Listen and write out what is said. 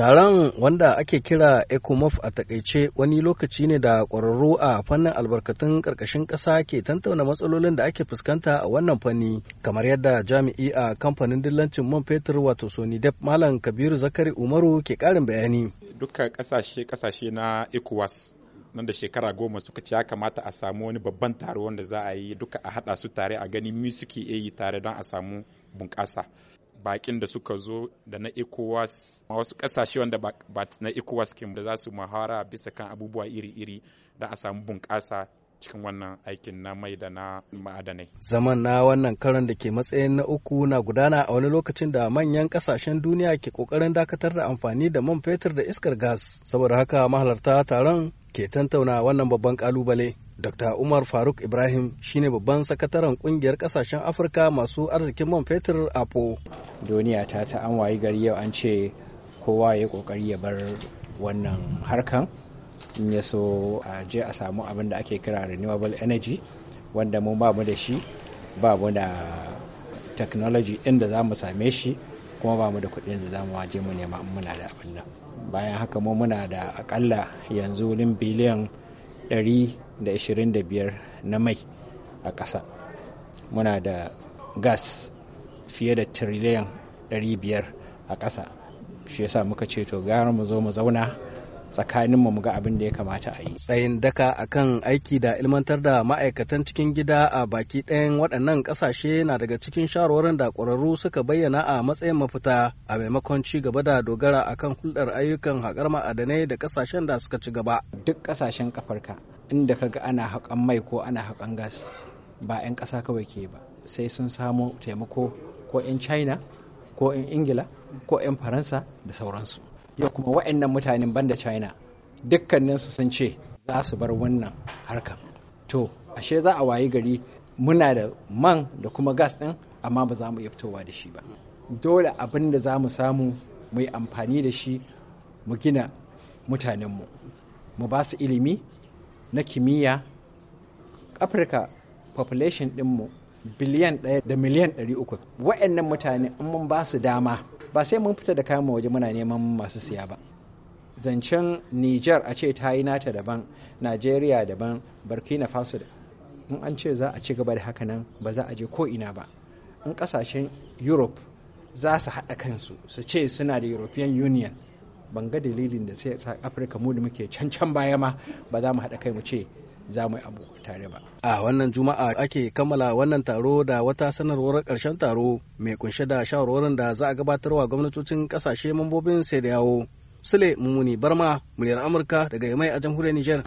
Taron wanda ake kira ECOMOF a takaice wani lokaci ne da ƙwararru a fannin albarkatun ƙarƙashin ƙasa ke tantauna matsalolin da ake fuskanta a wannan fanni kamar yadda jami'i a kamfanin dillancin man fetur wato Sony Dep Malam Kabiru Zakari Umaru ke karin bayani. Dukkan kasashe ƙasashe na ECOWAS nan da shekara goma suka ce ya kamata a samu wani babban taro wanda za a yi duka a haɗa su tare a gani mi suke yi tare don a samu bunƙasa bakin da suka zo da na ECOWAS wasu kasashe wanda ba na ECOWAS kin da za su mahara bisa kan abubuwa iri-iri da a samu bunƙasa cikin wannan aikin na mai da na ma'adanai. Zaman na wannan karon da ke matsayin na uku na gudana a wani lokacin da manyan kasashen duniya ke kokarin dakatar da amfani da man fetur da iskar gas. Saboda haka mahalarta taron ke tantauna wannan babban kalubale. Dr. Umar Faruk Ibrahim shine babban sakataren kungiyar kasashen Afirka masu arzikin man fetur APO. Duniya ta ta an wayi gari yau an ce kowa ya kokari ya bar wannan harkan in ya so a je a samu abin da ake kira renewable energy wanda mu ba mu da shi ba mu da technology inda da za mu same shi kuma ba mu da kuɗi da za mu waje mu nema in muna da abin nan bayan haka mu muna da akalla yanzu wurin biliyan 125 na mai a ƙasa muna da gas fiye da tiriliyan 500 a ƙasa shi yasa muka ce to gara mu zo mu zauna tsakanin mu ga abin da ya kamata a yi. Tsayin daka akan aiki da ilmantar da ma'aikatan cikin gida a baki ɗayan waɗannan ƙasashe na daga cikin shawarwarin da ƙwararru suka bayyana a matsayin mafita a maimakon ci gaba da dogara akan hulɗar ayyukan haƙar ma'adanai da ƙasashen da suka ci gaba. Duk ƙasashen kafarka inda ka ga ana haƙan mai ko ana haƙan gas ba 'yan ƙasa kawai ke ba sai sun samu taimako ko 'yan China ko 'yan Ingila ko 'yan Faransa da sauransu. ya kuma wa'annan mutanen banda china dukkaninsu sun ce za su bar wannan harkan to ashe za a wayi gari muna da man da kuma gas ɗin amma ba za mu iya fitowa da shi ba dole abin da za mu samu mai amfani da shi mu gina mutanenmu mu ba su ilimi na kimiyya afirka population ɗinmu biliyan ɗaya da miliyan ɗari uku wa'annan mutane in mun ba su dama ba sai mun fita da kayan waje muna neman masu siya ba zancen niger a ce ta yi nata daban nigeria daban burkina faso in an ce za a ci gaba da haka nan ba za a je ko ina ba in kasashen europe za su haɗa kansu su ce suna da european union ban ga dalilin da sai afirka mu da muke can can baya ma ba za mu haɗa kai mu ce za mu yi abu tare ba. A wannan juma'a ake kammala wannan taro da wata sanarwar ƙarshen taro mai kunshe da shawarwarin da za a gabatarwa gwamnatocin ƙasashe mambobin sai da yawo. Sule Mumuni Barma, muryar Amurka daga Yamai a jamhuriyar Nijar.